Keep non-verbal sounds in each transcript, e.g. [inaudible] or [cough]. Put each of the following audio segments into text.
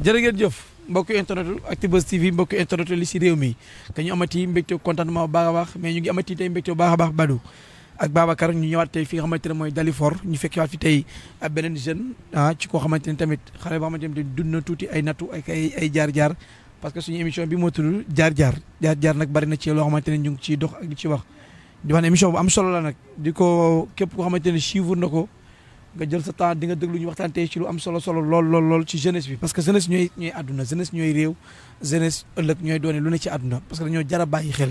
jërë ngeen jëf mbokku internet Actubuzz TV mbokku internet li si réew mi que ñu amati mbégte contentement bu baax a baax mais ñu ngi amati tey mbégte bu baax a baax Badou ak Babacar ñu ñëwaat tey fi nga xamante ne mooy Dalifort ñu fekkiwaat fi tey ab beneen jeune ah ci koo xamante ne tamit xale boo xamante ne dund na tuuti ay nattu ak ay ay jaar-jaar parce que suñu émission bi moo tudd jaar-jaar jaar-jaar nag bari na ci loo xamante ne ñu ngi ciy dox ak di ci wax di wax ne émission bu am solo la nag di ko képp koo xamante ne suivre na ko nga jël sa temps di nga déglu ñu waxtaantee ci lu am solo solo lool lool lool ci jeunesse bi parce que jeunesse ñooy ñooy àdduna ñooy réew jeunesse ëllëg ñooy doone lu ne ci àdduna parce que dañoo jar a bàyyi xel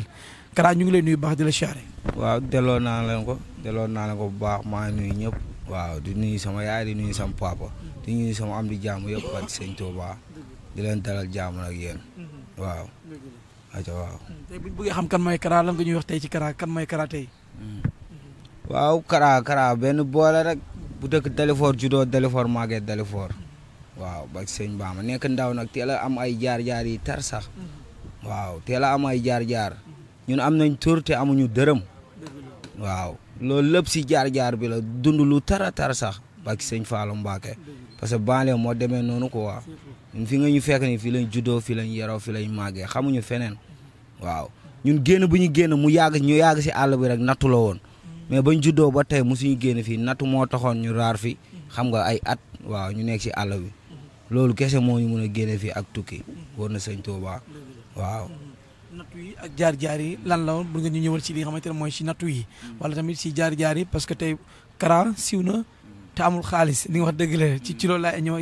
Kara ñu ngi lay baax di la siyaare waaw delloo naa ko delloo naa leen ko bu baax maa nuyu ñëpp waaw di nuyu sama yaay di nuyu sama papa di nuyu sama am di jaamu yëpp ak sëñ Touba di leen dalal jaamu ak yéen waaw aca waaw tey ñu bëggee xam kan mooy Kara lan ka ñuy wax tey ci Kara kan mooy Kara bu dëkk Dalifort juddoo Dalifort màggee Dalifort waaw ba sëñ Bamba nekk ndaw nag teel a am ay jaar-jaar yi tar sax waaw teel am ay jaar-jaar ñun am nañ tur te amuñu dërëm waaw loolu lépp si jaar-jaar bi la dund lu tara tar sax ba sëñ Fallou Mbacké parce que banlieue moo demee noonu quoi ñun fi nga ñu fekk ni fii lañ juddoo fii lañ yaroo fii lañ màggee xamuñu feneen waaw ñun génn bu ñu génn mu yàgg ñu yàgg si àll bi rek natulo woon mais ba juddoo ba tey musuñu génn fii nattu moo taxoon ñu raar fi xam nga ay at waaw ñu nekk si àll bi loolu kese moo ñu mën a génne fii ak tukki war na sëñ Tuuba waaw. nattu yi ak jaar-jaar lan la woon bu nga ñu ñëwal ci li nga xamante ne mooy si nattu yi wala tamit ci jaar-jaar yi parce que tey Kara siw na te amul xaalis li wax dëgg ci ci loolu laa ñëw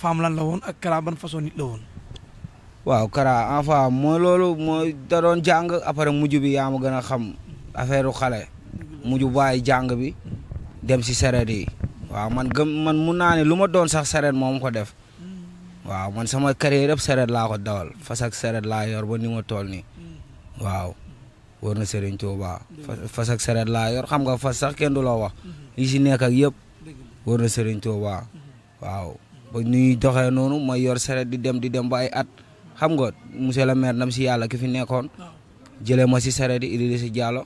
la woon ak Kara ban façon nit la woon. waaw Kara enfant mooy loolu mooy da doon jàng après mujj bi yaa ma gën a xam. affaire xale mujj bàyyi jàng bi dem si sareet yi waaw man gëm man mun naa ne lu ma doon sax sareet moom ko def waaw man sama carrière yëpp sareet laa ko dawal fas ak sareet laa yor ba ni ma toll nii waaw war na Serigne Touba fas ak sareet laa yor xam nga fas sax kenn du la wax yi si nekk ak yëpp war na Serigne Touba waaw ba ñuy doxee noonu ma yor sareet di dem di dem ba ay at xam nga monsieur le maire ndam si yàlla ki fi nekkoon jëlee ma si sareet yi si jaalo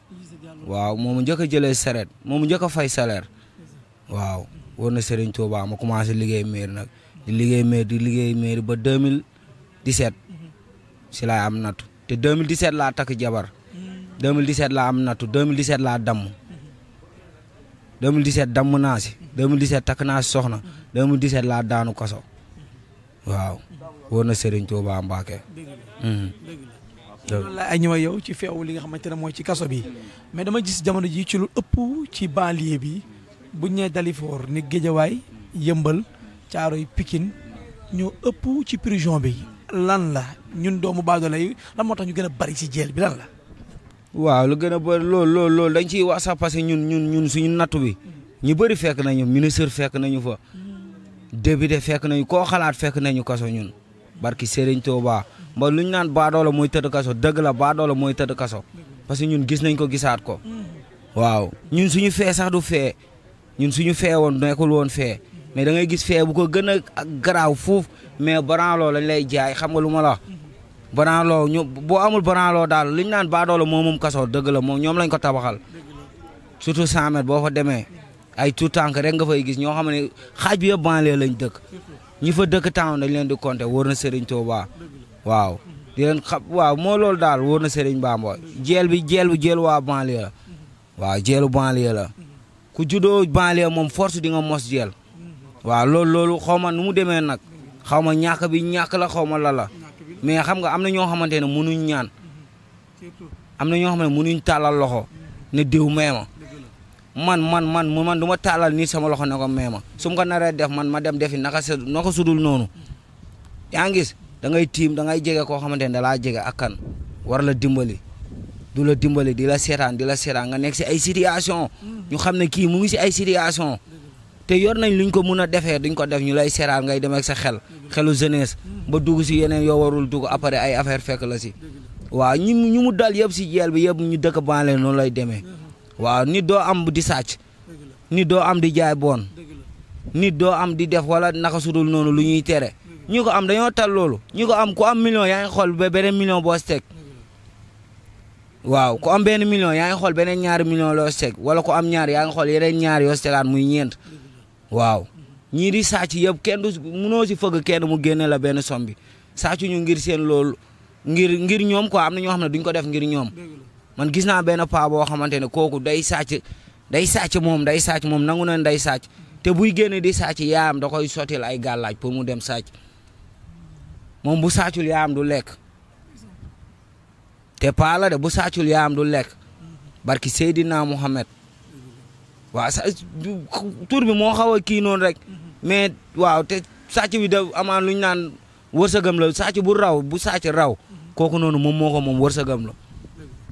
waaw moomu njëkk a jëlee saret moomu njëkk a fay salaire waaw war na Serigne Touba ma commencé liggéey mairie nag di liggéey mairie di liggéey mairie ba 2017 si laay am nattu te 2017 laa takk jabar 2017 laa am nattu 2017 laa damm 2017 damm naa si 2017 takk naa si soxna 2017 laa daanu kaso waaw war na Serigne Touba Mbacké loolu la ay yow ci feewu li nga xamante ne mooy ci kaso bi mais dama gis jamono ji ci lu ëpp ci banlieue bi buñ nee Dalifort ni Géejawaay yëmbal yi Pikine ñoo ëpp ci prison bi lan la ñun doomu baadoolo yi lan moo tax ñu gën a bari ci jeel bi lan la waaw lu gën a bëri loolu loolu loolu dañ ciy wax sax parce que ñun ñun ñun suñu nattu bi ñu bëri fekk nañu ministre fekk nañu fa député fekk nañu koo xalaat fekk nañu kaso ñun barki Serigne Touba mba lu ñu naan baadoola mooy tëdd kaso dëgg la baadoola mooy tëdd kaso parce que ñun gis nañ ko gisaat ko waaw ñun suñu fee sax du fee ñun suñu fee woon nekkul woon fee mais da ngay gis fee bu ko gën a garaaw fuuf mais branloo lañ lay jaay xam nga lu ma la branloo ñu boo amul branloo daal lu ñu naan baadoola moo moom kaso dëgg la moom ñoom lañ ko tabaxal surtout 100 mètres boo fa demee ay tout tànk rek nga fay gis ñoo xam ne xaaj bi yëpp lañ dëkk ñi fa dëkk town dañ leen di compter wóor na Serigne Touba waaw di leen waaw moo loolu daal wóor na Serigne Bamba jeel bi jeel bi jeel waa banlieue la waaw jeelu banlieue la ku juddoo banlieue moom force di nga mos jeel waaw lool loolu xaw ma nu mu demee nag xaw ma ñàkk bi ñàkk la xaw ma la la mais xam nga am na ñoo xamante ne mënuñ ñaan am na ñoo xam ne mënuñ tàllal loxo ne diw meema man man man mu man du ma taalal nii sama loxo ne ko mee ma su ko naree def man ma dem defi naka sa naka sudul noonu yaa ngi da ngay tiim da ngay jege koo xamante ne da laa jege ak kan war la dimbali du la dimbali di la seetaan di la seetaan nga nekk si ay situation ñu xam ne kii mu ngi si ay situation te yor nañ luñ ko mun a defee duñ ko def ñu lay seetaan ngay dem ak sa xel xelu jeunesse ba dugg si yeneen yow warul dugg après ay affaire fekk la si waaw ñu ñu mu dal yëpp si jeel bi yëpp ñu dëkk banlieue noonu lay demee waaw nit doo am di sàcc nit doo am di jaay boon nit doo am di def wala naka sudul noonu lu ñuy tere ñu ko am dañoo tal loolu ñi ko am ko am million yaa ngi xool ba beneen million boo teg waaw ku am benn million yaa ngi xool beneen ñaari million loo wala ku am ñaar yaa ngi xool yeneen ñaar yoo muy ñeent waaw mhm. ñii di sàcc yëpp kenn si fëgg kenn mu génne la benn som bi sàcc ñu ngir seen lool ngir ngir ñoom ko am na ñoo xam ne duñ ko def ngir ñoom man gis naa benn paa boo xamante ne kooku day sàcc day sàcc moom day sàcc moom nangu na day sàcc te buy génn di sàcc yaayam da koy sottil ay gàllaaj pour mu dem sàcc moom bu sàccul yaayam du lekk te paa de bu sàccul yaayam du lekk barki Seydina Mohamed waaw waa tur bi moo xaw a kii noonu rek mais waaw te sàcc bi da amaan lu ñu naan wërsëgam la sàcc bu raw bu sàcc raw kooku noonu moom moo ko moom wërsëgam la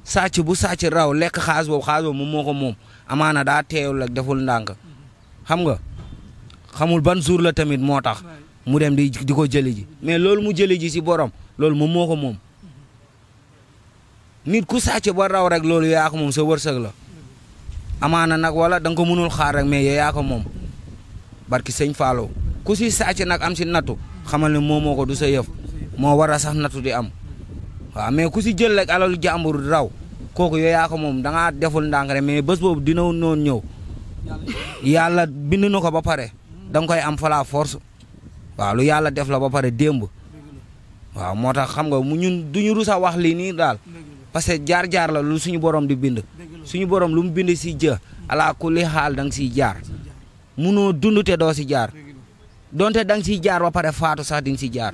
sàcc bu sàcc raw lekk xaalis boobu xaalis moom moo ko moom amaana daa teewul ak deful ndànk xam nga xamul ban jour la tamit moo tax mu dem di di ko jëli ji mais loolu mu jëli ji si borom loolu moom moo ko moom nit ku sàcc ba raw rek loolu yaa ko moom sa wërsëg la amaana nag wala da nga ko mënul xaar rek mais yaa ko moom barki sëñ Fallou ku si sàcc nag am si nattu xamal ne moom moo ko du sa yëf moo war a sax nattu di am waaw mais ku si jël rek alalu jàmbur raw kooku yow yaa ko moom da ngaa deful ndànk rek mais bés boobu dina noonu ñëw yàlla bind na ko ba pare da nga koy am falaa force waaw lu yàlla def la ba pare démb waaw moo tax xam nga mu ñun du ñu rusa wax lii nii daal parce que jaar-jaar la lu suñu borom di bind suñu borom lu mu bind si jë ala kulli xaal da nga siy jaar munoo dund te doo si jaar donte da nga jaar ba pare faatu sax di nga si jaar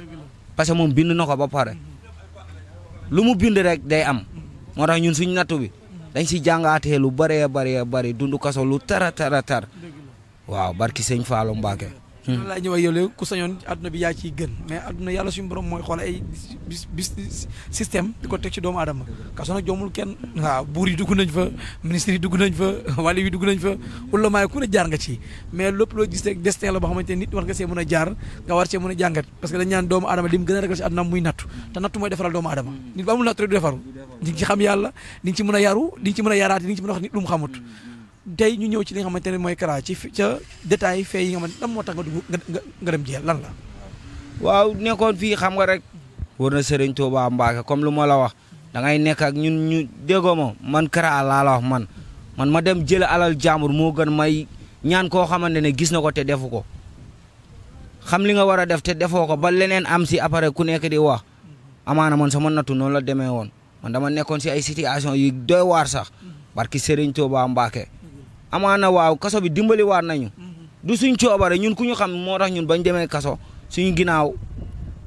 parce que moom bind na ko ba pare. lu mu bind rek day am moo tax ñun suñ nattu bi dañ si jàngaatee lu bëree bëree bëri dund kaso lu tara tara tar waaw barki sëñ Fallou Mbacké loolu laa ñëw ak yow léegi ku sañoon adduna bi yaa ciy gën mais adduna yàlla suñu borom mooy xool ay bis bis système di ko ci doomu aadama kaso joomul kenn waaw buur yi dugg nañ fa ministre yi dugg nañ fa [laughs] wàllu yi dugg ku ne jaar nga ci mais lépp loo gis destin la boo xamante nit war nga see mën a jaar nga war cee mën a jàngat parce que dañ ñaan doomu aadama li gën a ragal ci muy nattu te nattu mooy defaral doomu aadama nit ba amul a yaru di nga ci a a tey ñu ñëw ci li nga xamante ne mooy ci ca détail yi nga xamante lan moo tax nga waaw nekkoon fii xam nga rek. war na Serigne Touba comme lu ma la wax da nekk ak ñun ñu déggoo ma man Kara man man ma dem jël alal jàmbur moo gën may ñaan koo xamante ne gis na ko te defu ko xam li nga war a def te defoo ko ba leneen am si apare ku nekk di wax amaana man sama nattu noonu la demee woon man dama nekkoon si ay situation yu doy waar sax barki Serigne Touba Mbacke. na waaw kaso bi dimbali waat nañu mm-hmm. du suñ coobare ñun ku ñu xam moo ñun bañ demee kaso suñu ginnaaw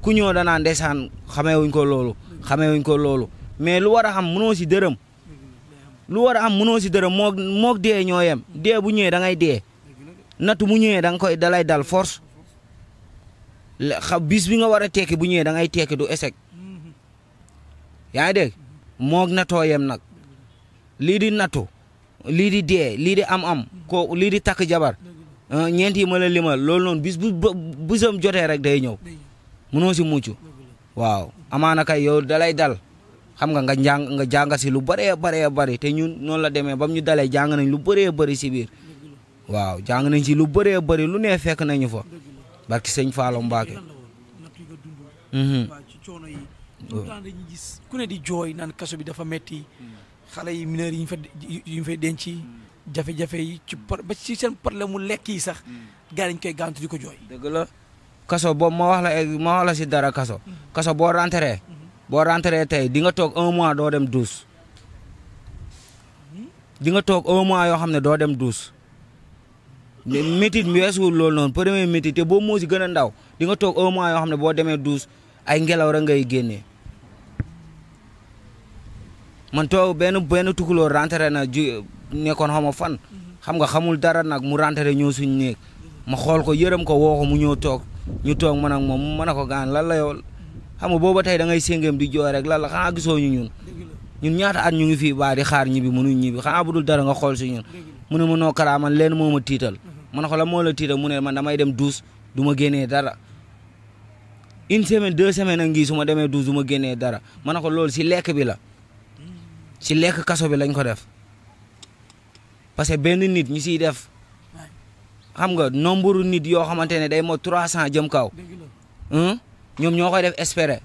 ku ñëw danaa ndeysaan xamee wuñ ko loolu xamee wuñ ko loolu mais lu war a xam mënoo si dërëm lu war a am mënoo si dërëm moog dee ñoo yem dee bu ñëwee dangay ngay natu mu ñëwee da nga koy dalay dal force bis bi nga war a tekki bu ñëwee da ngay tekki du échec mm-hmm. yaa ngi dégg moog natoo yem nag lii di nattu lii di dee lii di am-am kooku lii di takk jabar ah, ñeent yi ma la limal loolu noonu bis bu bisam jotee rek day ñëw mënoo si mucc waaw amaana kay yow dalay dal xam nga nga jàng nga jàng si lu bare bëree bëri te ñun noonu la demee ba ñu dalee jàng nañ lu bëree bëri si biir waaw jàng nañ si lu bëree bëri lu ne fekk nañu fa barki sëñ Fallou Mbacke mhm. ku bi dafa metti mm. xale yi mineurs yi ñu fa yi ñu fay denc hmm. jafe-jafe yi ci ba ci seen problème mu lekk yi sax hmm. gars ñu koy gàntu di ko jooy. dëgg la kaso boo ma wax la la si dara kaso. Hmm. kaso boo rentré. boo rentré tey di nga toog un mois doo dem douche di nga toog un mois yoo xam ne doo dem douche métit mi weesuwul loolu noonu premier métit te boo moo si gën a ndaw di nga toog un mois yoo xam ne boo demee douche ay ngelaw rek ngay génnee. man too benn benn tukuloo rentré na ji nekkoon xaw ma fan. Mhm. xam nga xamul dara nag mu rentré ñëw suñu néeg. ma xool ko yërëm ko woo ko mu ñëw toog ñu toog man ak moom mën a ko gaan lan la yow xam nga booba tey da ngay séngéem di jooy rek lan la xanaa gisoo ñu ñun. ñun ñaata at ñu ngi fii baa di xaar ñibbi mënuñ ñibbi xanaa budul dara nga xool si ñun. mu ne ma noo karaa man leen moo ma tiital. Mhm. man ko la moo la tiital mu ne man may dem douze du ma génnee dara. une semaine deux semaines a ngi su ma demee douze du ma génnee dara man ko loolu si lekk bi la. ci lekk kaso bi lañ ko def parce que benn nit ñu siy def xam nga nombre nit yoo xamante ne day moo trois cent jëm kaw hmm? ñoom ñoo koy def espérer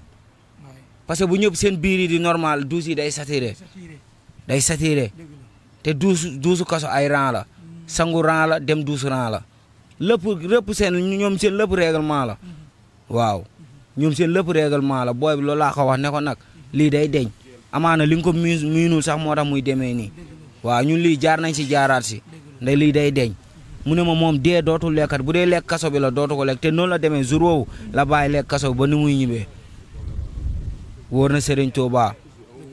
parce que bu ñëpp seen biir yi di normal douze yi day satire day satire te douze douze kaso ay rang la hmm. sangu rang dem douze rang la lépp lépp seen ñoom seen lépp règlement la hmm. waaw ñoom seen lépp règlement la booy bi loolu ko wax ne nag lii day deñ amaana li nga ko miin miinul sax moo tax muy demee nii waaw ñun lii jaar nañ si jaaraat si ndax lii day deñ mu ne ma moom dee dootul lekkat bu dee lekk kaso bi la dootu ko lekk te noonu la demee jour woowu la bàyyi lekk kaso ba nu muy ñibbee wóor na Serigne Touba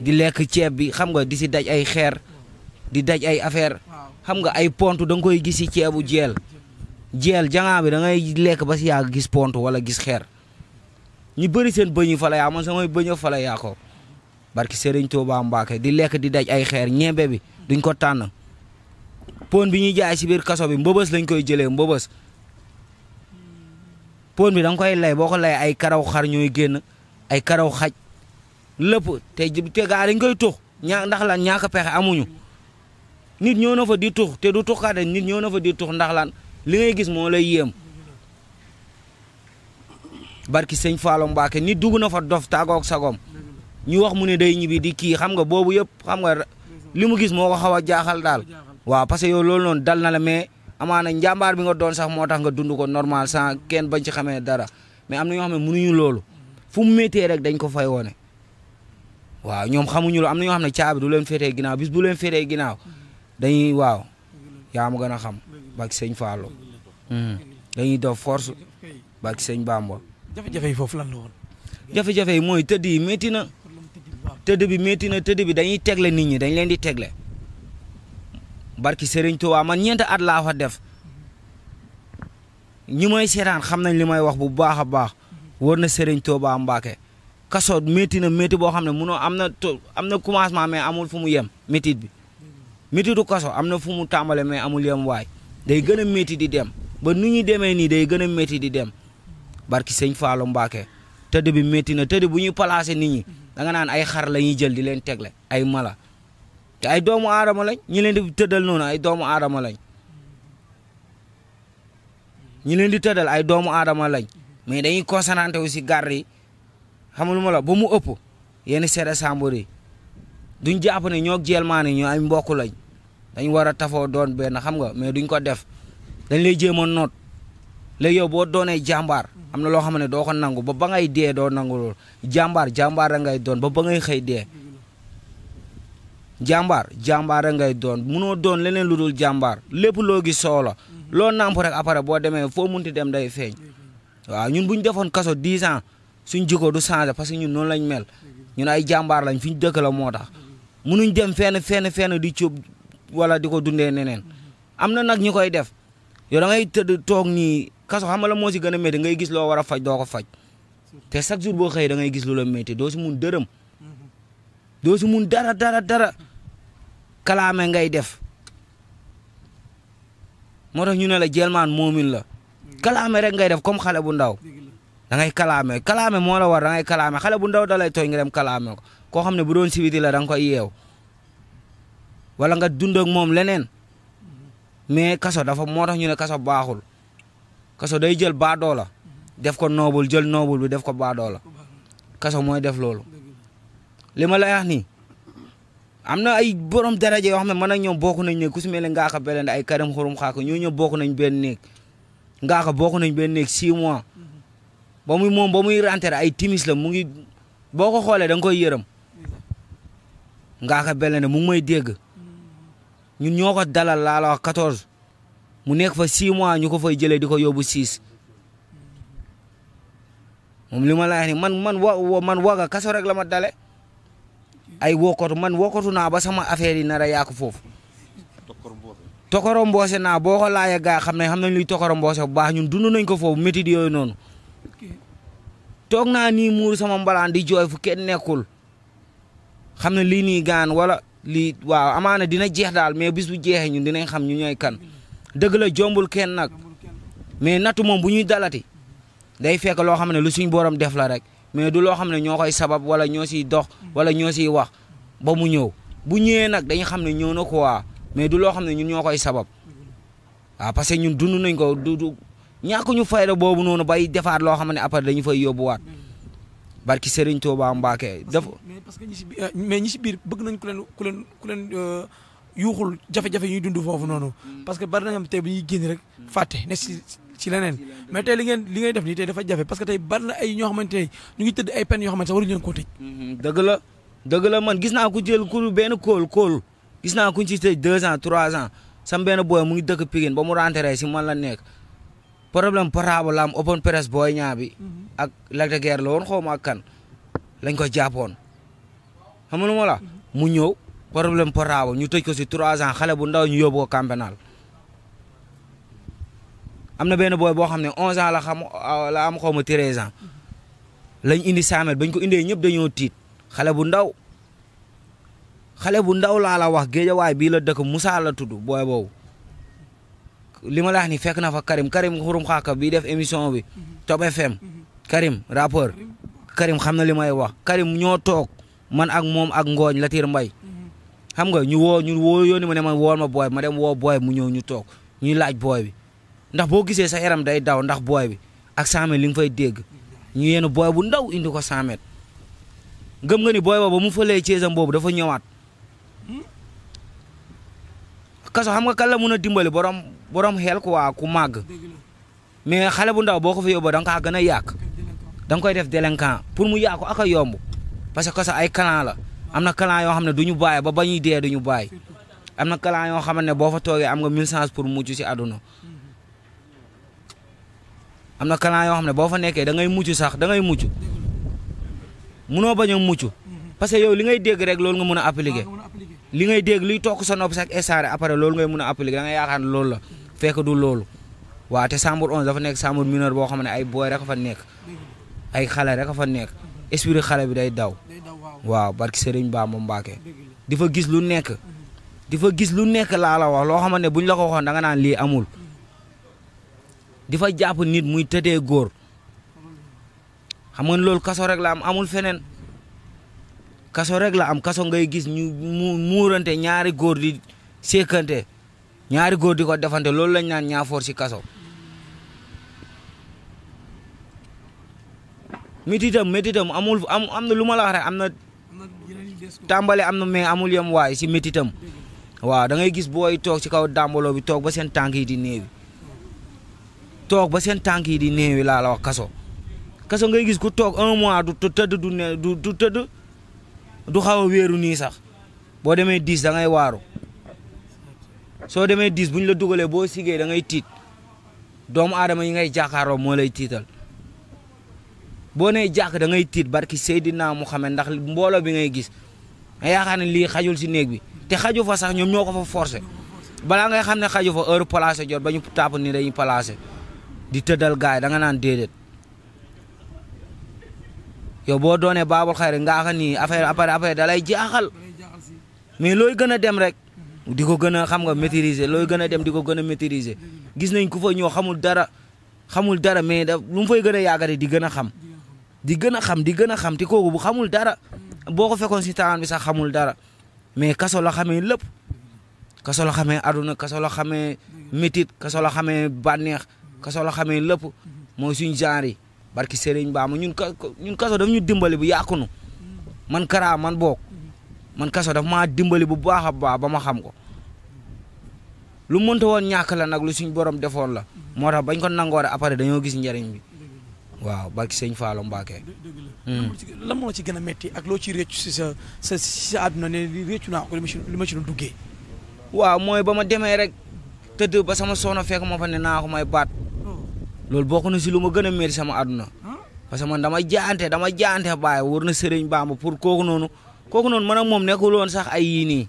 di lekk ceeb bi xam nga di si daj ay xeer di daj ay affaire xam nga ay pont da koy gis si ceebu jeel jeel jangaa bi da ngay lekk ba si yàgg gis pont wala gis xeer ñu bëri seen bëñ yi fa yaa man samay bëñ fa la yaa barki Serigne Touba Mbacke di lekk di daj ay xeer ñebe bi duñ ko tànn pon bi ñuy jaay si biir kaso bi mbëbës lañ koy jëlee mbëbës pon bi da koy lay boo ko lay ay karaw xar ñooy génn ay karaw xaj lépp te te gaa dañ koy tux ñaa ndax lan ñaaka pexe amuñu nit ñoo na fa di tux te du tuxkaate nit ñoo na fa di tux ndax lan li ngay gis moo lay yéem barki sëñ Fallou mbake nit dugg na fa dof tàggoog sagom ñu wax mu ne day ñibbi di kii xam nga boobu yëpp xam nga li mu moo ko xaw a jaaxal daal waaw parce que lool loolu noonu dal na la mais amaana njàmbaar bi nga doon sax moo tax nga dund ko normal sans kenn bañ ci xamee dara mais am na ñoo xam ne ñu lool fu mu méttee rek dañ ko fay wone waaw ñoom xamuñu lu am na ñoo xam ne caabi du leen féetee ginnaaw bis bu leen féetee ginnaaw dañuy waaw yaa ma gën a xam bak sëñ Fallou hmm. dañuy def force bak sëñ Bamba jafe-jafe yi la woon jafe-jafe mooy tëdd tëdd bi métti na tëdd bi dañuy tegle nit ñi dañ leen di tegle barki Serigne Touba man ñeent at laa fa def ñi may seetaan xam nañ li may wax bu baax a baax wër na Serigne Touba Mbacke kaso métti na métti boo xam ne munoo am na am na commencement mais amul fu mu yem métit bi métitu kaso am na fu mu tàmbale mais amul yem waay day gën a métti di dem ba nu ñuy demee nii day gën a métti di dem barki sëñ Fallou Mbacke tëdd bi métti na tëdd bu ñu placé nit ñi danga naan ay xar la jël di leen tegle ay mala te ay doomu aadama lañ ñi leen di tëddal noonu ay doomu aadama lañ ñi leen di tëddal ay doomu aadama lañ mais dañuy concentré aussi garde yi xam lu ma mu ëpp yenn seede sàmbur yi duñ jàpp ne ñoo jeel maane ñoo ay mbokk lañ dañu war a tafoo doon benn xam nga mais duñ ko def dañ lay jéem a noot léegi yow boo doonee jàmbaar am na loo xam ne doo ko nangu ba ba ngay dee doo nangu loolu jàmbaar jàmbaar a ngay doon ba ba ngay xëy dee jàmbaar jàmbaar a ngay doon munoo doon leneen lu dul jàmbaar lépp loo gis soolo loo nàmp rek après boo demee foo munti dem day feeñ waaw ñun bu ñu defoon kaso 10 ans suñ jikko du changé parce que ñun noonu lañ mel ñun ay jàmbaar lañ fi ñu dëkk moo tax munuñ dem feen fenn fenn di cóob wala di ko dundee neneen am na nag ñi koy def yow da tëdd toog nii kaso xam la moo si gën a métti ngay gis loo war a faj doo ko faj te chaque jour boo xëyee da ngay gis lu la métti doo si mun dërëm doo mun dara dara dara kalaame ngay def moo tax ñu ne la jelmaan moomin la kalaame rek ngay def comme xale bu ndaw da ngay kalaame kalaame moo la war da ngay kalaame xale bu ndaw da lay tooy nga dem kalaame ko koo xam ne bu doon sibiti la da nga koy yeew wala nga dundak moom leneen mais kaso dafa moo tax ñu ne kaso baaxul kaso day jël baadoo la def ko noobul jël noobul bi def ko baadoo la kaso mooy def loolu li ma lay wax nii am na ay borom daraja yoo xam ne man ak ñoom bokk nañ ne ku si mel ne Ngaaka Blindé ay Karim Xurum Xaaka ñoo ñëpp bokk nañ benn néeg Ngaaka bokk nañ benn néeg 6 mois ba muy moom ba muy rentere ay timis la mu ngi boo ko xoolee da nga koy yërëm Ngaaka Blindé mu ngi may dégg ñun ñoo ko dalal laa la wax mu nekk fa 6 mois ñu ko fay jëlee di ko yóbbu 6 moom li ma la man man wa man waga kaso rek la ma dale ay wokkatu man wokkatu naa ba sama affaire yi nar a yàqu foofu. tokoro mboose naa boo ko laajee gaa xam na xam nañ luy tokoro mboose bu baax ñun dund nañ ko foofu métit yooyu noonu toog naa ni muur sama mbalaan di jooy fu kenn nekkul xam na lii nii gaan wala lii waaw amaana dina jeex daal mais bis bu jeexee ñun dinañ xam ñu ñooy kan. dëgg la jombul kenn nag mais nattu moom bu ñuy dalati day fekk loo xam ne lu suñ borom def la rek mais du loo xam ne ñoo koy sabab wala ñoo siy dox wala ñoo siy wax ba mu ñëw bu ñëwee nag dañu xam ne ñëw na ko waa mais du loo xam ne ñu ñoo koy sabab waaw parce que ñun dund nañ ko du du ñàkk ñu fayda boobu noonu bay defaat loo xam ne après dañu fay yóbbuwaat barki Serigne Touba Mbacke. dafa mais parce que ñi nañ ku euh, yuuxul jafe-jafe ñuy dund foofu noonu parce que bari na ñoom tey bu ñuy génn rek fàtte ne si ci leneen mais tey li ngeen li ngay def nii tey dafa jafe parce que tey bari ay ñoo xamante ne ñu ngi tëdd ay pen yoo xamante sax waruñu leen koo tëj mhm, dëgg la man gis naa ko jël ku benn kóol kool gis naa ku ci tëj deux ans trois ans sam benn booy mu ngi dëkk Pikine ba mu rentré si man la nekk problème parabo la am open press booy ñaa bi mhm. ak Lac de Guiers la woon xaw ma ak kan lañ ko jàppoon xam nga ma la mhm. mu ñëw problème portable ñu tëj ko si trois ans xale bu ndaw ñu yóbbu ko camp am na benn booy boo xam ne onze ans la euh, am xaw ma treize ans lañ indi saamel bañ ko indee ñëpp dañoo tiit xale bu ndaw xale bu ndaw laa la wax géejawaay bii la dëkk Moussa la tudd booy boobu li ma la wax ni fekk na fa Karim Karim xurum xaaka bii def émission bi Top FM Karim rappeur Karim xam na li may wax Karim ñoo toog man ak moom ak ngooñ la Latir mbay xam nga ñu woo ñu woo yooni ma ne ma wool ma booy bi ma dem woo booy mu ñëw ñu toog ñuy laaj booy bi ndax boo gisee sa yaram day daw ndax booy bi ak 100 mètres li nga fay dégg ñu yéen booy bu ndaw indi ko 100 mètres gëm nga ni booy ba ba mu fëlee ceesam boobu dafa ñëwaat kaso xam nga kan la mun a dimbali borom borom xel waa ku màgg mais xale bu ndaw boo ko fa yóbboo da nga kaa gën a yàq da koy def délinquant pour mu yàqu ak yomb parce que kaso ay clan la am na clan yoo xam ne du ñu bàyyi ba ba ñuy dee du ñu am na clan yoo xam ne boo fa toogee am nga mille chance pour mucc si àdduna am na clan yoo xam ne boo fa nekkee da ngay mucc sax da ngay mucc munoo bañ a mucc parce que yow li ngay dégg rek loolu nga mën a appliquer li ngay dégg luy toog sa nopp sax estaare après loolu ngay mun a appliquer da ngay yaakaar ne loolu la fekk du loolu waa te chambre dafa nekk chambre mineure boo xam ne ay booy rek fa nekk ay xale rek a fa nekk esprit xale bi day daw waaw barki Serigne Bamba Mbacke di fa gis lu nekk di fa gis lu nekk laa la wax loo xamante ne buñ la ko waxoon da nga naan lii amul di fa jàpp nit muy tëddee góor xam nga loolu kaso rek la am amul feneen kaso rek la am kaso ngay gis ñu mu muurante ñaari góor di sekkante ñaari góor di ko defante loolu lañ naan ñaafoor si kaso métitam métitam amul am am na la rek tàmbale am na mais amul yem waaye si métitam waaw da ngay gis booy toog ci kaw dàmbaloo bi toog ba seen tànk yi di néewi toog ba seen tànk yi di néewi laalaw la kaso kaso ngay gis ku toog un mois du tëdd du tëdd du xaw a wéeru nii sax boo demee dix da ngay waaru soo demee dix bu ñu la dugalee boo sigee da ngay tiit doomu adama yi ngay jàkkaarloo moo lay tiital boo nee jàkk da ngay tiit barki Seydina Muhammad ndax mbooloo bi ngay gis nga yaakaar ne lii xajul si néeg bi te xaju fa sax ñoom ñoo ko fa forcé balaa ngay xam ne xaju fa heure placé jot ba ñu tàpp ni dañuy placé di tëddal gaay da nga naan déedéet yow boo doonee baabul xayri nga xam ni affaire après après da lay jaaxal mais looy gën a dem rek di ko gën a xam nga maîtriser looy gën a dem di ko gën a maîtriser gis nañ ku fa ñoo xamul dara xamul dara mais da lu mu gën a yaakaar di gën a xam di gën a xam di gën a xam te kooku bu xamul dara boo ko fekkoon si talaan bi sax xamul dara mais kaso la xamee lépp kaso la xamee aduna kaso la xamee métit kaso la xamee bànneex kaso la xamee lépp moo suñ genre yi barki Serigne Ba ma ñun ñun kaso daf ñu dimbali bu yàqunu man Kara man boog man kaso daf maa dimbali bu baax a baax ba ma xam ko lu mënta woon ñàkk la nag lu suñ borom defoon la moo tax bañ ko nangoore après dañoo gis njëriñ bi waaw barki sëñ Fallou Mbacké. Hmm. lan moo ci gën a métti ak loo ci réccu si sa sa si sa àdduna ne réccu naa ko li ma ci duggee. waaw mooy ba ma demee rek tëdd ba sama soxna fekk ma fa ne naa ko may baat. Oh. loolu bokk na si lu ma gën a métti sama àdduna. parce que man dama jaante dama jaante baay war na sëriñ Bamba pour kooku noonu kooku noonu man ak moom nekkul woon sax ay ni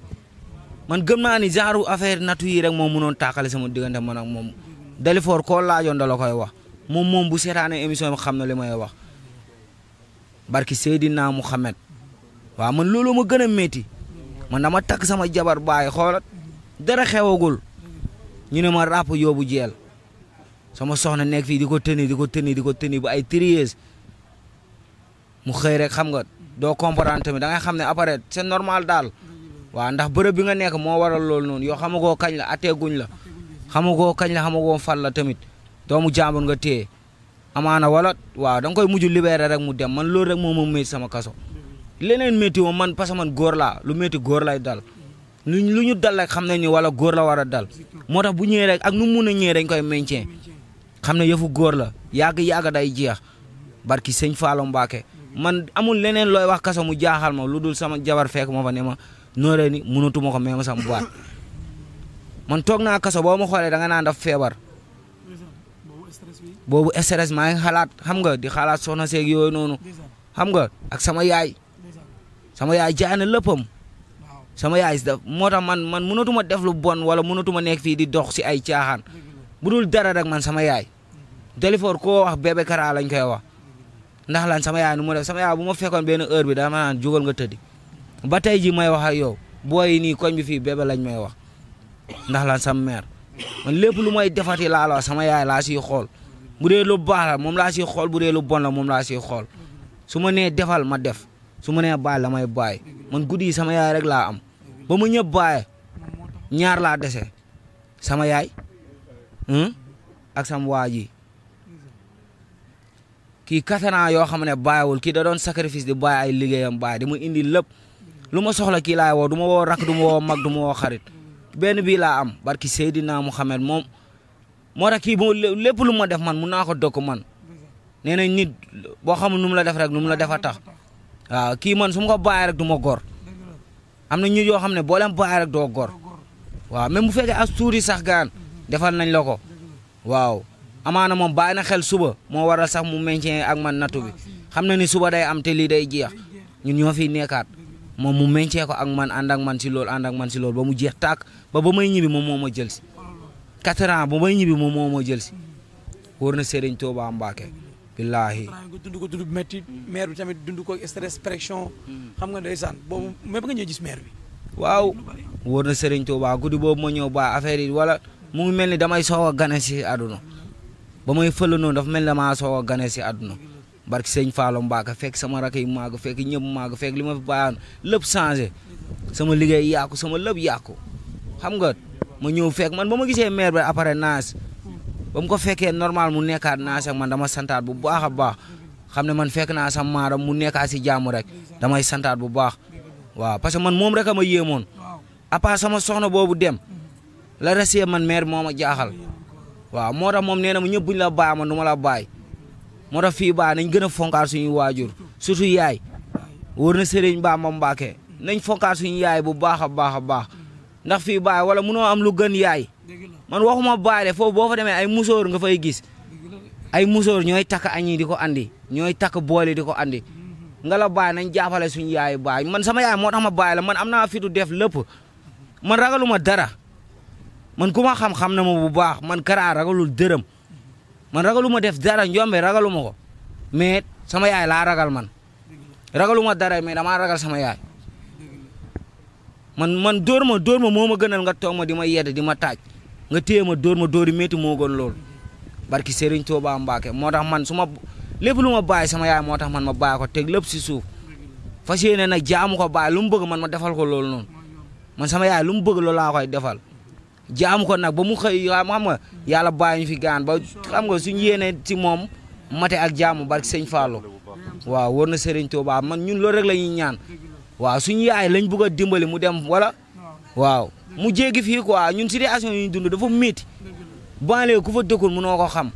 man gëm naa ni genre affaire natu yi rek moo mënoon tàqale sama diggante man ak moom. Dalifor koo laajoon da la wax. moom moom bu seetaanee émission bi xam na li may wax barki Seydina Mouhamed waaw man loolu ma gën a métti man ma takk sama jabar bàyyi xoolat dara xewagul ñu ne ma ràpp bu jeel sama soxna nekk fii di ko tëni di ko tëni di ko tëni ba ay trieuse mu xëy rek xam nga doo comprendre tamit da xam ne après seen normal daal waa ndax bërëb bi nga nekk moo waral loolu noonu yoo xamagoo kañ la atteeguñ la xamagoo kañ la xamagoo fan la tamit doomu jàmbur nga téye amaana wala waaw da nga koy mujj libéré rek mu dem man loolu rek moom ma métti sama kaso leneen métti moom man parce que man góor laa lu métti góor lay dal lu ñu dal rek xam nañu wala góor la war a dal moo tax bu ñëwee rek ak nu mu mun a ñëwee dañ koy maintien xam ne yëfu góor la yàgg yàgg day jeex barki sëñ Fallou Mbacke man amul leneen looy wax kaso mu jaaxal ma lu dul sama jabar fekk ma fa ne ma nooree ni mënatuma ko meema sama baat man toog naa kaso boo ma xoolee da nga naan daf feebar. boobu stress maa ngi xalaat xam nga di xalaat soxna seeg yooyu noonu xam nga ak sama yaay sama yaay jaay na léppam sama yaay daf moo tax man man mënatuma def lu bon wala mënatuma nekk fii di dox si ay caaxaan bu dul dara rek man sama yaay Dalifor ko wax bébé Kara lañ koy wax ndax lan sama yaay nu mu def sama yaay bu ma fekkoon benn heure bi daa ma naan jógal nga tëddi ba tey ji may wax ak yow booy nii koñ bi fii bébé lañ may wax ndax lan sama mère man lépp lu may defati la sama yaay laa siy xool bu dee lu baax la moom laa si xool bu dee lu bon la moom laa siy xool su ma nee defal ma def su ma nee bàyyi la may baay man guddi sama yaay rek laa am ba ma ñëpp bàyyi ñaar laa dese sama yaay hmm, ak sama waa ji kii katana yoo xam ne bàyyiwul kii da doon sacrifice di bàyyi ay liggéeyam bàyyi di ma indi lépp lu ma soxla kii laay woo du ma woo rak du ma woo mag du ma woo xarit benn bii laa am naa mu Muhammad moom moo tax kii bu lépp lu ma def man mun naa ko dokk man nee nañ nit boo xamul numu la def rek nu mu la defa tax waaw kii man sum ma ko bàyyee rek du ma gor am na ñu yoo xam ne boo leen bàyyee rek doo gor waaw même bu fekkee as tuuri sax gaan defal nañ la ko waaw amaana moom bàyyi na xel suba moo war sax mu meññee ak man nattu xam na ni suba day am te lii day jeex ñun ñoo fiy nekkaat moom mu meññee ko ak man ànd ak man si loolu ànd man si loolu ba mu jeex tàkk ba ba may ñibbi moom moo ma jël si. quatre ans bu may ñibbi moom moo moo jël si wóor na Serigne Touba Mbacke billaahi nga dund ko dund bi tamit dund ko stress pression xam nga ndeysaan boobu même nga ñëw gis maire bi waaw wóor na Serigne Touba guddi boobu moo ñëw baa affaire yi wala mu ngi mel ni damay soo a gane si ba may fëla noonu dafa mel ni damaa soog a gane si àdduna barki sëñ Fallou Mbacke fek sama rakk yi maago fekk ñëpp maago fekk li ma fi bàyyoon lépp changé sama liggéey yàqu sama lépp yàqu xam nga ma ñëw fekk man ba ma gisee maire bi après naas ba mu ko fekkee normal mu nekkaat naas ak man dama santaat bu baax a baax xam ne man fekk naa sama maaram mu nekkaat si jàmm rek damay santaat bu baax waaw parce que man moom rek a ma yéemoon à part sama soxna boobu dem la resee man maire moo ma jaaxal waaw moo tax moom nee na mu ñëpp buñ la bàyyi man du ma la bàyyi moo tax fii baa nañ gën a fonkaat suñu waajur surtu yaay wóor na sëriñ Bamba Mbàkke nañ fonkaat suñu yaay bu baax a baax a baax ndax fii baay wala munoo am lu gën yaay man waxuma baale foofu boo fa demee ay musóor nga fay gis ay musóor ñooy takk añi di ko andi ñooy takk boole di ko andi mhm. nga la baay nañ jàppale suñu yaay baay man sama yaay moo tax baay la man am naa fitu def lépp man ragaluma dara man ku ma xam-xam na ma bu baax man Kara ragalul dërëm man ragaluma def dara njombe ragaluma ko mais sama yaay laa ragal man ragaluma dara mais damaa ragal sama yaay man man dóor ma dóor ma moo ma gënal nga toog ma di ma yedd di ma taaj nga téye ma dóor ma dóori métti moo gën loolu barki too Touba Mbacke moo tax man su ma lépp lu ma baay sama yaay moo tax man ma bàyyi ko teg lépp si suuf fas yéene nag jaamu ko bàyyi lu mu bëgg man ma defal ko loolu noonu man sama yaay lu mu bëgg loolu laa koy defal jaamu ko nag ba mu xëy xam nga yàlla bàyyi ñu fi gaan ba xam nga suñu yéene ci moom mate ak jaamu barki sëñ Fallou waaw wër na Serigne Touba man ñun loolu rek la ñaan waaw suñu yaay lañ bëgg a dimbali mu dem wala waaw mu fi ko a ñun situation yi ñu dund dafa métti banlieue ku fa dëkkul mënoo ko xam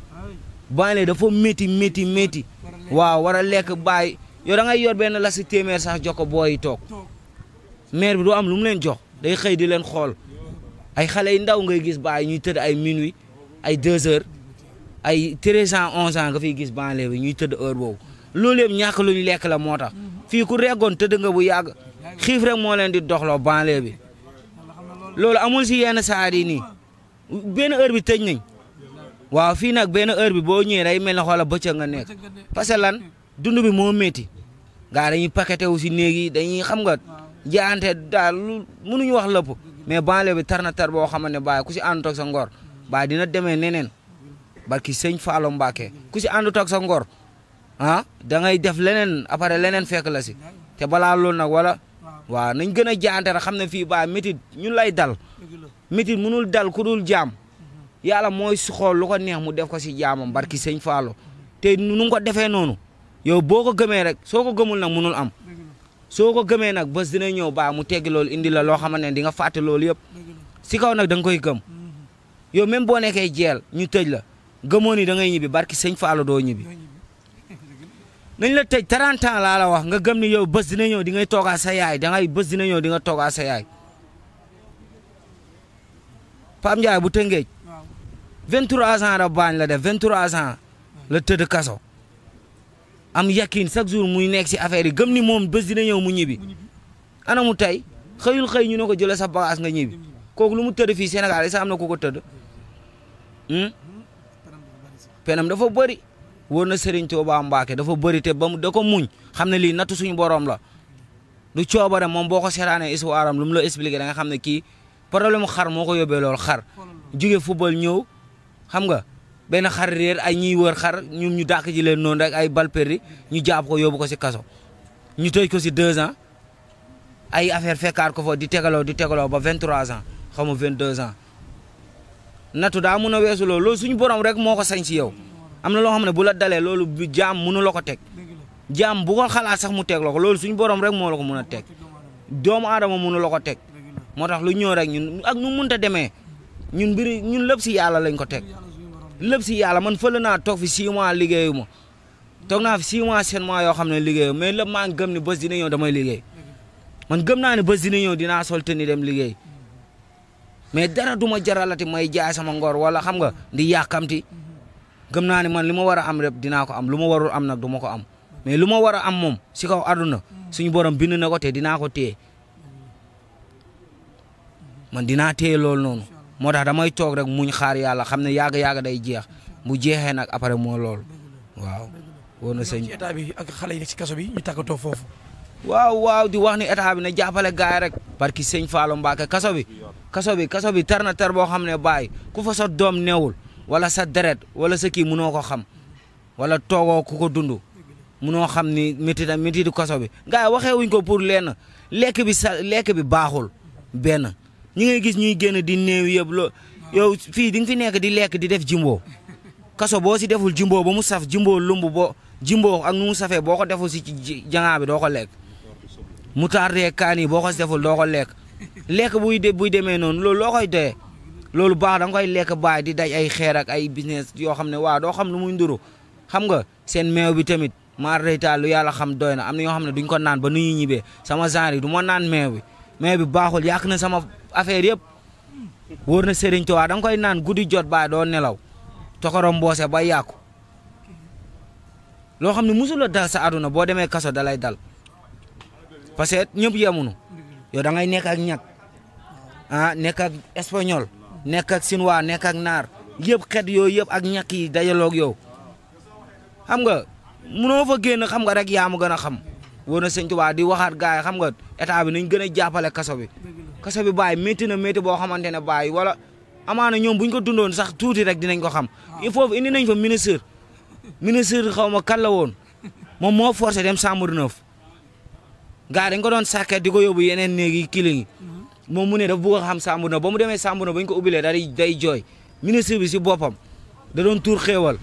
banlieue dafa métti métti métti waaw war a lekk baay yow da yor benn la si téeméer sax jox ko booy toog maire bi du am lu mu leen jox day xëy di leen xool ay xale yu ndaw ngay gis bàyyi ñuy tëdd ay minuit ay deux heures ay treize ans onze ans nga fiy gis banlieue bi ñuy tëdd heure boobu loolu yëpp ñàkk luñ lekk la moo tax mm-hmm. fii ku reggoon tëdd nga bu yàgg xiif rek moo leen di doxloo bale bi loolu amul si yenn saar yi nii benn heure bi tëj nañ waaw fii nag benn heure bi boo ñëwee day mel ne xoola bëccëg nga nekk parce que lan dund bi moo métti gaa dañuy paqueté wu si néeg yi dañuy xam nga jaante daal lu wax lépp mais banlieue bi tar na tar boo xamante ne bàyyi ku si àndut ak sa ngor baa dina deme neneen barki sëñ Fallou Mbacke ku si àndut ak sa ngor ah da ngay def leneen après leneen fekk la si te balaa loolu nag wala waaw nañ gën a jaante rek xam na fii baa métit ñun lay dal métit mënul dal ku dul jaam mhm. yàlla mooy si xool lu ko neex mu def ko si jaamam barki sëñ Fallou te nu ngi ko defee noonu yow boo ko gëmee rek soo ko gëmul nag mënul am soo ko gëmee nag bés dina ñëw baa mu teggi loolu indi la loo xamante ne di nga fàtte loolu yëpp si kaw nag danga koy gëm mhm. yow même boo nekkee jeel ñu tëj la gëmoo ni da ngay ñibbi barki sëñ Fallou doo nañ la tëj 30 ans laa la wax nga gëm ni yow bés dina ñëw di ngay toogaa sa yaay dangay bés dina ñëw di nga toogaa sa yaay Pape Ndiaye bu tëngeej 23 ans da baañ la def 23 ans la tëdd kaso am yakin chaque jour muy nekk si affaire yi gëm ni moom bés dina ñëw mu ñibbi ana mu tey xëyul xëy ñu ne ko jëlee sa bagage nga ñibbi kooku lu mu tëdd fii Sénégal yi sax am na ko ko tëdd hmm? penam dafa bëri wóor na Serigne Touba Mbacke dafa bëri te ba mu da ko muñ xam ne lii nattu suñu borom la du coobare moom boo ko seetaanee histoire am lu mu la expliqué da xam ne kii problème xar moo ko yóbbee loolu xar jóge football ñëw xam nga benn xar ay ñiy wër xar ñun ñu dàq ji leen noonu rek ay bal ñu jàpp ko yóbbu ko si kaso ñu tëj ko si deux ans ay affaire fekkaat ko fa di tegaloo di tegaloo ba vingt trois ans vingt deux ans nattu daa mun a weesu loolu loolu suñu borom rek moo ko sañ si yow am na loo xam ne bu la dalee loolu bu jaam munu la ko teg jaam bu ko xalaat sax mu teg la ko loolu suñu borom rek moo la ko mën a teg doomu aadama mënu la ko teg moo tax lu ñëw rek ñun ak nu mënta demee ñun mbiri ñun lépp si yàlla lañ ko teg lépp si yàlla man fële naa toog fi six mois mo ma toog naa fi six mois sept mois yoo xam ne liggéeyu mais lépp maa ngi gëm ni bés dina ñëw damay liggéey man gëm naa ne bés dina ñëw dinaa sol te ni dem liggéey mais dara du ma jaralati may jaay sama ngor wala xam nga di yàkkamti gëm naa ne man li ma war a am rek dinaa ko am lu ma warul am nag du ma ko am mais lu ma war am moom si kaw àdduna suñu borom bind na ko te dinaa ko téye man dinaa téye lool noonu moo tax damay toog rek muñ xaar yàlla xam ne yàgg yàgg day jeex mu jeexee nag après moo lool waaw. woon na sëñ état bi ak xale yi bi ñu foofu. waaw waaw di wax ni état bi na jàppale gaay rek. parce que sëñ Fallou Mbacke kaso bi. kaso bi tar na tar boo xam ne bàyyi ku fa sa doom newul. wala sa deret wala sa kii mënoo ko xam wala toogoo ku ko dund mënoo xam ni métti da métti di koso bi gars yi waxee wuñ ko pour lenn lekk bi sa lekk bi baaxul benn ñi ngay gis ñuy génn di néew yëpp loo yow fii di nga fi nekk di lekk di def jimbo kaso boo si deful jimbo ba mu saf jimbo lumb boo jimbo ak nu mu safee boo ko deful si jangaa bi doo ko lekk mu tardee kaan yi boo ko si deful doo ko lekk lekk buy de buy demee noonu loolu loo koy doyee loolu baax danga koy lekk baay di daj ay xeer ak ay business yoo xam ne waa doo xam lu muy nduru xam nga seen meew bi tamit maar reytaal lu yàlla xam doy na am na ñoo xam ne duñ ko naan ba nu ñuy ñibbee sama genre yi du ma naan meew bi meew bi baaxul yàq na sama affaire yëpp wóor na Serigne to waa danga koy naan guddi jot baay doo nelaw coxorom mboose ba yàqu loo xam ne mosul dal sa aduna boo demee kaso dalay dal parce que ñëpp yemunu yow da ngay nekk ak ñag ah nekk ak espagnol nekk ak sinwaa nekk naar yëpp xet yooyu yëpp ak ñàkk yi dajaloog yow xam nga munoo fa génn xam nga rek yaa ma gën a xam woon na sëñ Tuubaa di waxaat gars yi xam nga état bi nañ gën a jàppale kaso bi kaso bi bàyyi métti na métti boo xamante ne bàyyi wala amaana ñoom buñ ko dundoon sax tuuti rek dinañ ko xam ah. il faut indi nañ fa ministre ministre xaw ma kan la woon moom moo forcé dem chambre neuf gars dañ ko doon sàkket di ko yóbbu yeneen néegi kilin yi moom mu ne dafa bëgg a xam Sambuno ba mu demee Sambuno ba ñu ko ubbilee day day jooy ministre bi si boppam da doon tuur xéewal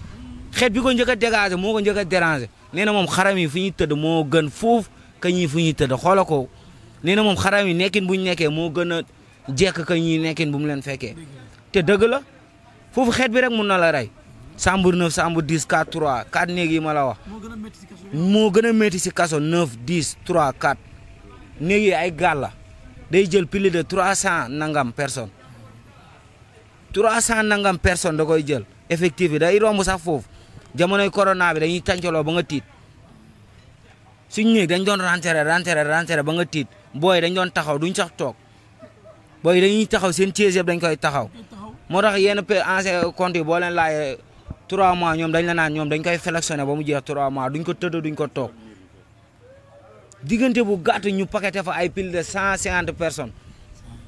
xeet bi ko njëkk a moo ko njëkk a dérangé nee na moom xaram yi fu ñuy tëdd moo gën foofu ka ñii fu ñuy tëdd xoola ko nee na moom xaram yi nekkin bu ñu nekkee moo gën a jekk ka ñii nekkin bu mu leen fekkee te dëgg la foofu xeet bi rek mun na la rey chambre 9 chambre 10 4 3 4 néeg yi ma la wax moo gën a métti si kaso 9 10 3 4 néeg yi ay gàll la day jël plus de trois cent nangam personne trois cent nangam personne da koy jël effectif bi day romb sax foofu jamonoy corona bi dañuy tàncaloo ba nga tiit suñu néeg dañ doon rentere rentere rentere ba nga tiit booy dañ doon taxaw duñ sax toog booy dañuy taxaw seen chaise yëpp dañ koy taxaw moo tax yenn ancien compte yi boo leen laajee trois mois ñoom dañ la naan ñoom dañ koy sélectionné ba mu jeex trois mois duñ ko tëdd duñ ko toog diggante bu gàtt ñu paqueté fa ay pile de cent cinquante personnes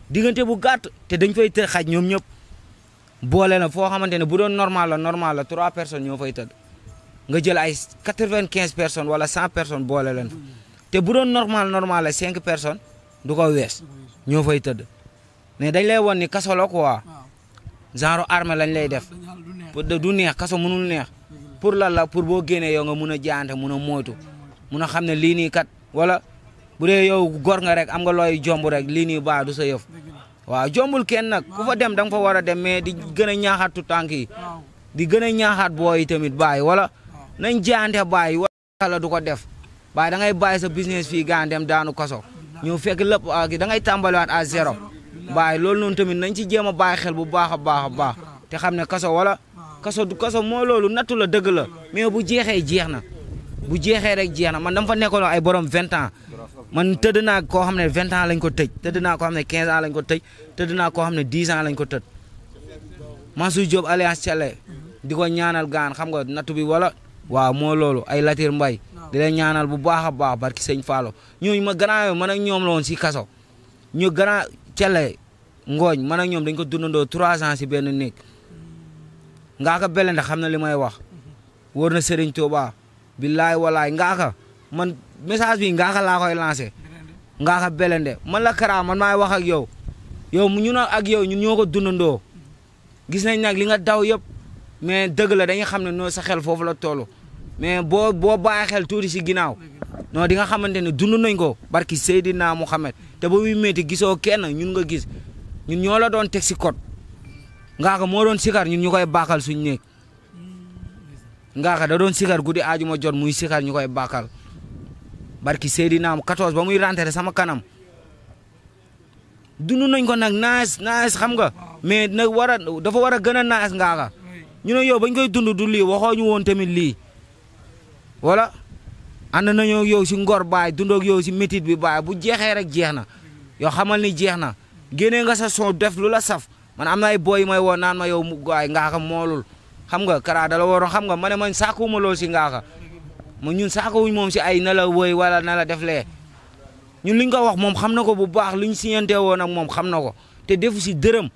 diggante bu gàtt te dañ fay tëdd xaj ñoom ñëpp boole na foo xamante ne bu doon normal la normal la trois personnes ñoo fay tëdd nga jël ay quatre-vingt-quinze personnes wala cent personnes boole leen fa te bu doon normal normal la cinq personnes du ko wees ñoo fay tëdd mais dañ lay won ni kaso la quoi genre armée lañ lay def pour du neex kaso mënul neex pour lan la pour boo génne yow nga mun a jaante mun a moytu mun a xam ne lii wala bu dee yow gor nga rek am nga looy jomb rek lii ni baax du sa yëf waaw jombul kenn nag ku fa dem da nga fa war a dem mais di gën a ñaaxaat tu tànk yi di gën a ñaaxaat booy tamit bàyyi wala nañ jaante bàyyi wala du ko def bàyyi da ngay sa business fii gaan dem daanu kaso ñëw fekk lépp ak ah, da ngay tàmbaliwaat à zéro bàyyi loolu noonu tamit nañ ci jéem a bàyyi xel bu baax a baax baax te xam ne kaso wala kaso du kaso moo loolu nattu la dëgg la mais bu jeexee jeex na bu jeexee rek jeex na man dama fa nekkoon ay borom vingt ans man tëdd naa koo xam ne vingt ans lañ ko tëj tëdd naa koo xam ne quinze ans lañ ko tëj tëdd naa koo xam ne dix ans lañ ko tëj Mansour Diop alias Thialé di ko ñaanal gaan xam nga nattu bi wala waaw moo loolu ay Latir mbay di ñaanal bu baax a baax barki sëñ Fallo ñooñu ma grand yo man ak ñoom la si kaso ñu grand Thialé ngooñ man ak ñoom dañ ko dundandoo trois ans si benn néeg ngaa ko belende xam na li may wax mhm. wóor na Serigne Touba billaay walaay ngaaka man message bi ngaaka laa koy lancé ngaaka belende man la Kara man maay wax ak yow yow ñu na ak yow ñun ñoo ko dundandoo gis nañ nag li nga daw yëpp mais dëgg la dañuy xam ne noo sa xel foofu la toll mais boo boo bàyyi xel tuuti si ginnaaw noo di nga xamante ne dund nañ ko barki naa Mouhamed te ba muy métti gisoo kenn ñun nga gis ñun ñoo la doon teg si moo doon sikar ñun ñu koy baaxal suñu néeg Ngaaka da doon sikar guddi aajuma jot muy sikar ñu koy bakal barki Seydina am 14 ba muy rentré sama kanam dund nañ ko nag naas naas xam nga mais nag war a dafa war a gën a naas Ngaaka ñu ne yow bañ koy dund du lii waxoo ñu woon tamit lii wala ànd nañoo yow si ngor baay dundoog yow si métit bi baay bu jeexee rek jeex na yow xamal ni jeex na génnee nga sa son def lu la saf man am na ay booy may woo naan ma yow mu gaay Ngaaka moolul xam nga Kara da xam nga ma ne man saakuma loo si ngaaka ma ñun saakawuñ moom si ay na woy wala na la def lee ñun luñ ko wax moom xam na ko bu baax liñ siyante woon ak moom xam na ko te defu si dërëm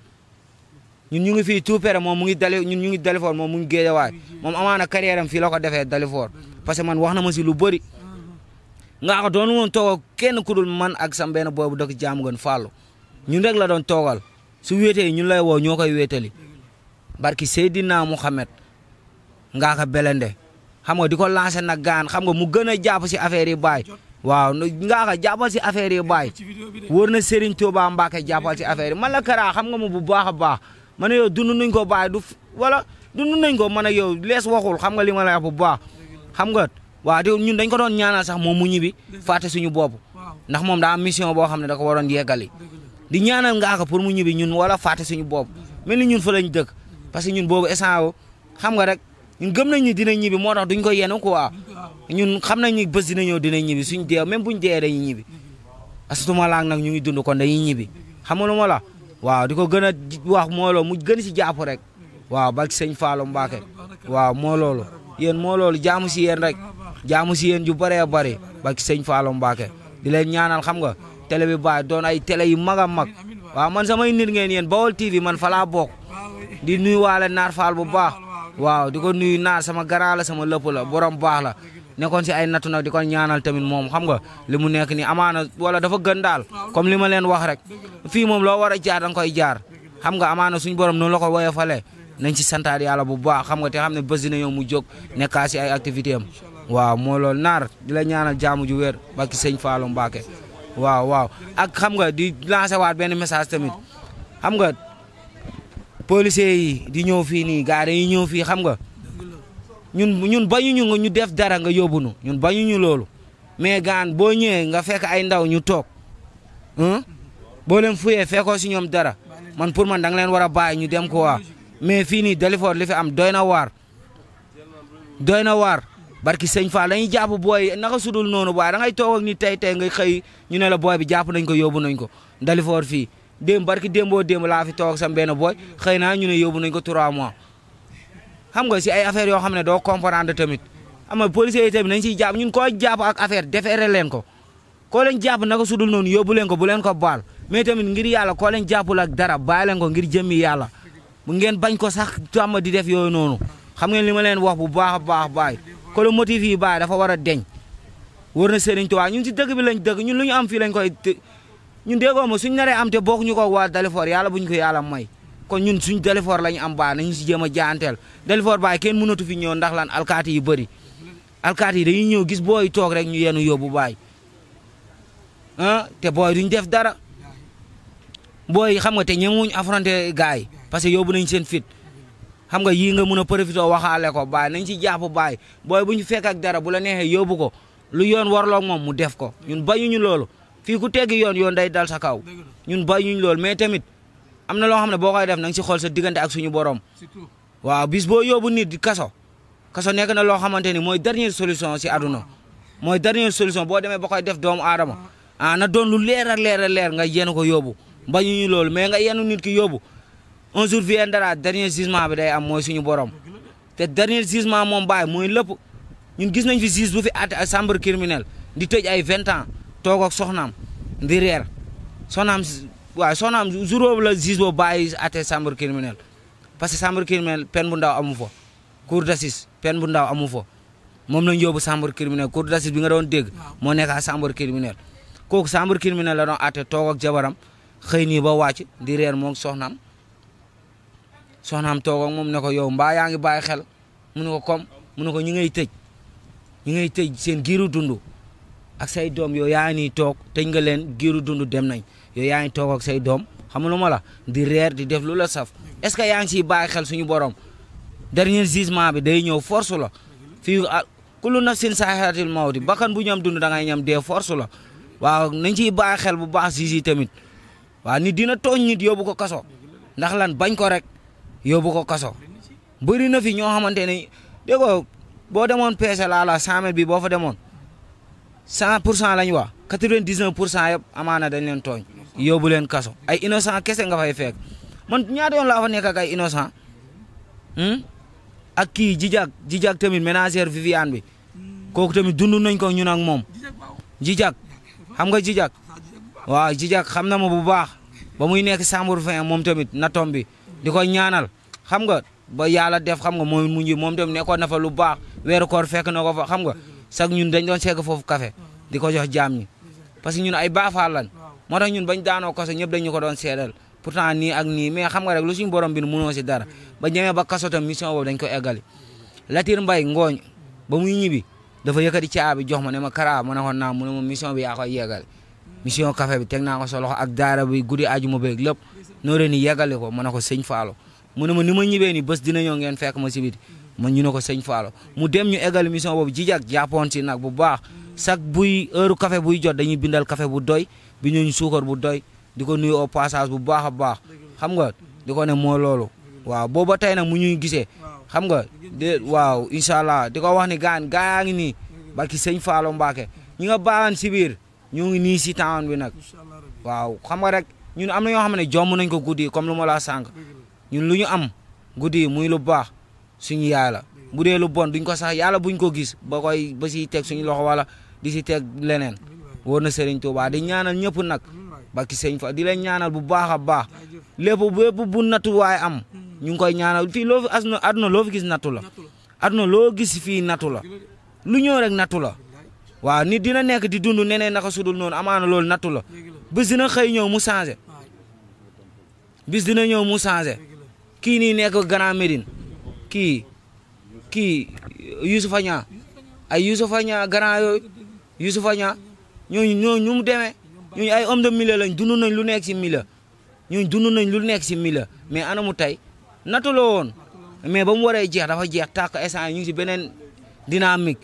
ñun ñu ngi fii tuupere moom mu ngi dali ñun ñu ngi dalifoor moom mu ngi géejawaay moom amaana carrière fi la ko defee dalifoor parce que man wax na ma si lu bëri ngaaka doon woon toogal kenn ku dul man ak sam benn boobu dëkk jaamu gën fàllu ñun rek la doon toogal su wéetee ñun lay woo ñoo koy wéetali barki Seydina Mouhamed ngaa ko belende xam nga di ko lancé nag gaan xam nga mu gën a jàpp si affaire yi baay waaw ngaa ko jàppal si affaire yi baay wóor na Serigne Touba Mbacke jàppal si affaire yi man la Kara xam nga mu bu baax a baax man yow dund nuñ ko baay du wala dund nañ ko man ak yow lees waxul xam nga li ma la wax bu baax xam nga waaw di ñun dañ ko doon ñaanal sax moom mu ñibbi fàtte suñu bopp ndax moom daa am mission boo xam ne da ko waroon yeggali di ñaanal ngaa ko pour mu ñibbi ñun wala fàtte suñu bopp mel ni ñun fa lañ dëkk parce que ñun boobu instant xam nga rek ñun gëm nañ ni dinañ ñibbi moo tax duñ ko yenu quoi ñun xam nañ ni bés dina dinañ ñibbi suñ dee même buñ dee dañuy ñibbi asutuma laag nag ñu ngi dund kon dañuy ñibbi xam nga lu ma la waaw di ko gën a wax moo loolu mu gën si jàpp rek waaw ba sëñ falo Mbacke waaw moo loolu yéen moo loolu si yéen rek jamu si yéen ju bëree bëri ba sëñ falo Mbacke di leen ñaanal xam nga tele bi baax doon ay télé yu mag a mag waaw man sama nit ngeen yéen Baol TV man fa laa di nuyuwaale naar faal bu baax waaw di ko nuyu naar sama grand la sama lëpp la borom baax la nekkoon si ay nattu nag di ko ñaanal tamit moom xam nga li mu nekk nii amaana wala dafa gën daal comme li ma leen wax rek fii moom loo war a jaar da nga koy jaar xam nga amaana suñu borom noonu la ko woyee fale nañ si santaat yàlla bu baax xam nga te xam ne bés dina mu jóg nekkaa si ay activité am waaw moo loolu naar di la ñaanal jaamu ju wér bakki sëñ Fallou Mbacke waaw waaw ak xam nga di lancer waat benn message tamit xam policiers yi di ñëw fii nii gaare yi ñëw fii xam nga ñun bañuñu nga ñu def dara nga yóbbu nu ñun bañuñu loolu mais gaan boo ñëwee nga fekk ay ndaw ñu toog boo leen fuye fekkoo si ñoom dara man pour man da nga leen war a bàyyi ñu dem ko waa mais fi nii Dalifort li fi am doy na waar doy na waar barki sëñ Fall dañuy jàpp booy naka sudul noonu waar da ngay toog ak ni tey tey nga xëy ñu ne la booy bi jàpp nañ ko yóbbu nañ ko Dalifort fii démb barki démboo démb laa fi toog sam benn booy xëy naa ñu ne yóbbu nañ ko 3 mois xam nga si ay affaires yoo xam ne doo comprendre tamit xam nga policiers yi tamit nañ siy jàpp ñun koo jàpp ak affaire defeere leen ko koo leen jàpp naka sudul noonu yóbbu leen ko bu leen ko baal mais tamit ngir yàlla koo leen jàppul ak dara bàyyi leen ko ngir jëmmi yàlla bu ngeen bañ ko sax tàmm di def yooyu noonu xam ngeen li ma leen wax bu baax a baax baay ko le motif dafa war a deñ wër na Serigne Touba si dëkk bi lañ dëkk ñun lu ñu am fii lañ koy ñun déggoo ma suñ naree am te bokk ñu ko waa Dalifort yàlla buñ ko yàlla may kon ñun suñ Dalifort lañu am baax nañu si jéem a jaanteel Dalifort baay kenn mënatu fi ñëw ndax lan alkaati yu bëri alkaati yi dañuy ñëw gis booy toog rek ñu yenu yóbbu baay ah, te booy duñ def dara booy xam nga te ñemewuñ affronté gars yi parce que yóbbu nañ seen fit xam nga yii nga mën a profité waxaale ko baa nañ si jàpp baay booy bu ñu fekk ak dara bu la neexee yóbbu ko lu yoon warloo moom mu def ko ñun bañuñu loolu fii ku teg yoon yoon day dal sa kaw ñun bàyyi ñu lool mais tamit am na loo xam ne boo koy def na nga si xool sa diggante ak suñu borom waaw bis boo yóbbu nit di kaso kaso nekk na loo xamante ni mooy dernière solution si aduna mooy dernière solution boo demee boo koy def doomu aadama ah na doon lu leer a leer leer nga yenu ko yobu bañu ñu loolu mais nga yenu nit ki yóbbu un jour viendra dernier jugement bi day am mooy suñu borom te dernier jugement moom bàyyi mooy lépp ñun gis nañ fi juge bu fi àtte ak chambre di tëj ay vingt ans toog ak soxnaam di reer soxnaam waaye soxnaam jur boobu la juge boobu bàyyi àtte chambre criminelle parce que chambre criminelle peine bu ndaw amu fa cour d'assises peine bu ndaw amu fa moom lañ yóbbu chambre criminelle cour d'assises bi nga doon dégg moo nekk à chambre criminelle kooku chambre criminelle la doon àtte toog ak jabaram xëy nii ba wàcc di reer moo soxnaam soxnaam toog ak moom ne ko yow mbaa yaa ngi bàyyi xel mu ne ko comme mu ne ko ñu ngay tëj ñu ngay tëj seen giiru dund ak say doom yoo yaa ngi nii toog tëj nga leen giiru dund dem nañ yow yaa ngi toog ak say doom xamuloo ma la di reer di def lu la saf est-ce que yaa ngi siy bàyyi xel suñu borom dernier jugement bi day ñëw force la fii ah, kullu nafsin saaxiratil di bakkan bu ñam dund da ñam dee force la waaw nañ ciy bàyyi xel bu baax si si tamit waa nit dina tooñ nit yóbbu ko kaso ndax lan bañ ko rek yóbbu ko kaso bëri na fi ñoo xamante ne dégg boo demoon peese laa la cent bi boo fa demoon cent pour cent lañ wax quatre-vingt-dix-neuf pour cent yëpp amaana dañ leen tooñ yóbbu leen kaso ay innocent kese nga fay fekk man ñaata yoon laa fa nekk ak ay innocent hmm? ak kii jijak jijak tamit ménagère Viviane bi kooku tamit dund nañ ko ñun ak moom jijak xam nga jijak waaw jijak xam na ma bu baax ba muy nekk chambre fin moom tamit natom bi di ko ñaanal xam nga ba yàlla def xam nga mooy mu nji moom tamit nekkoon na fa lu baax weeru koor fekk na ko fa xam nga sax ñun dañ doon segg foofu café di ko jox jaam ñi parce ñun ay baafaal lan moo tax ñun bañ daanoo kaso ñëpp dañ ko doon seedal pourtant nii ak nii mais xam nga rek lu suñu borom bi mënoo dara ba ñemee ba kaso tam mission boobu dañ ko eggali Latir Mbay ngooñ ba muy ñibbi dafa yëkkati caabi jox ma ne ma Kara ma ko naam mu ma mission bi yaa koy yeggali mission café bi teg naa ko sa ak daara bi guddi ajuma beeg lépp noo ni yeggali ko ma ko sëñ Faalo mu ne ma ni ma ñu ne ko sëñ Fallou mu dem ñu eggal mission boobu jijak jàppoon si nag bu baax sak buy heure café buy jot dañuy bindal kafe bu doy bi ñuñ suukar bu doy di ko nuyu bu baax a baax xam nga di ko ne moo loolu waaw ba tey nag mu ñuy gisee xam nga de waaw incha allah di ko wax ni gaan gaa yaa ngi nii barki sëñ Fallou Mbacké ñi nga baaxan si biir ñu ngi nii si taan bi nag waaw xam nga rek ñun am na ñoo xam ne jomm nañ ko guddi comme lu ma la sànq ñun lu ñu am guddi muy lu baax suñu yaay la bu dee lu bon duñ ko sax yàlla buñ ko gis ba koy ba siy teg suñu loxo wala di si teg leneen wóor na Serigne Touba di ñaanal ñëpp nag bakki sëñ fa di la ñaanal bu baax a baax bu lépp bu waay am ñu ngi koy ñaanal fii loo fi asna aduna loo gis natu la aduna loo gis fii nattu la lu ñëw rek natu la waaw nit dina nekk di dund neneen naka sudul noonu amaana lool natu la bis dina xëy ñëw mu changé bis dina ñëw mu kii nii nekk Grand Médine kii kii Youssoufa Niang ay Youssoufa Niang grand yooyu Youssoufa Niang ñooñu ñoo ñu ñooñu ay homme de milieu lañ dund nañ lu nekk si mila ñooñu dund nañ lu nekk si milieu mais anamu tey natu la woon mais ba mu waree jeex dafa jeex tàkk instant ñu ngi si beneen dynamique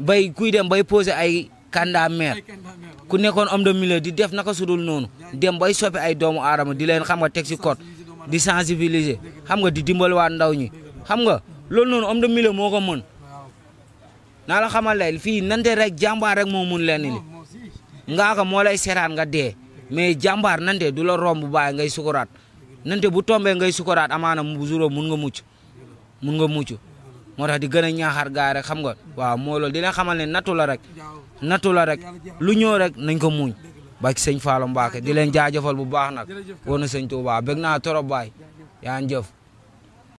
bay kuy dem bay posé ay candidat maire ku nekkoon homme de di def naka sudul noonu dem bay sope ay doomu aadama di leen xam nga teg si code di sensibiliser xam nga di dimbaliwaat ndaw ñi xam nga loolu noonu homme de milieu moo ko mën naa la xamal lay fii nante rek jàmbaar rek moo mun leen ni ngaaka moo lay seraan nga dee mais jàmbaar nante du la romb bàyyi ngay sukuraat nante bu tombee ngay sukuraat amaana bu juróom mun nga muc mun nga mucc mo tax di gën a ñaaxaar gaay rek xam nga waaw moo loolu dina xamal ne nattu la rek nattu la rek lu ñëw rek nañ ko muñ ba ci sëñ Fallou Mbacké di leen jaajëfal bu baax nag woon na sëñ Touba bég naa trop baay yaa jëf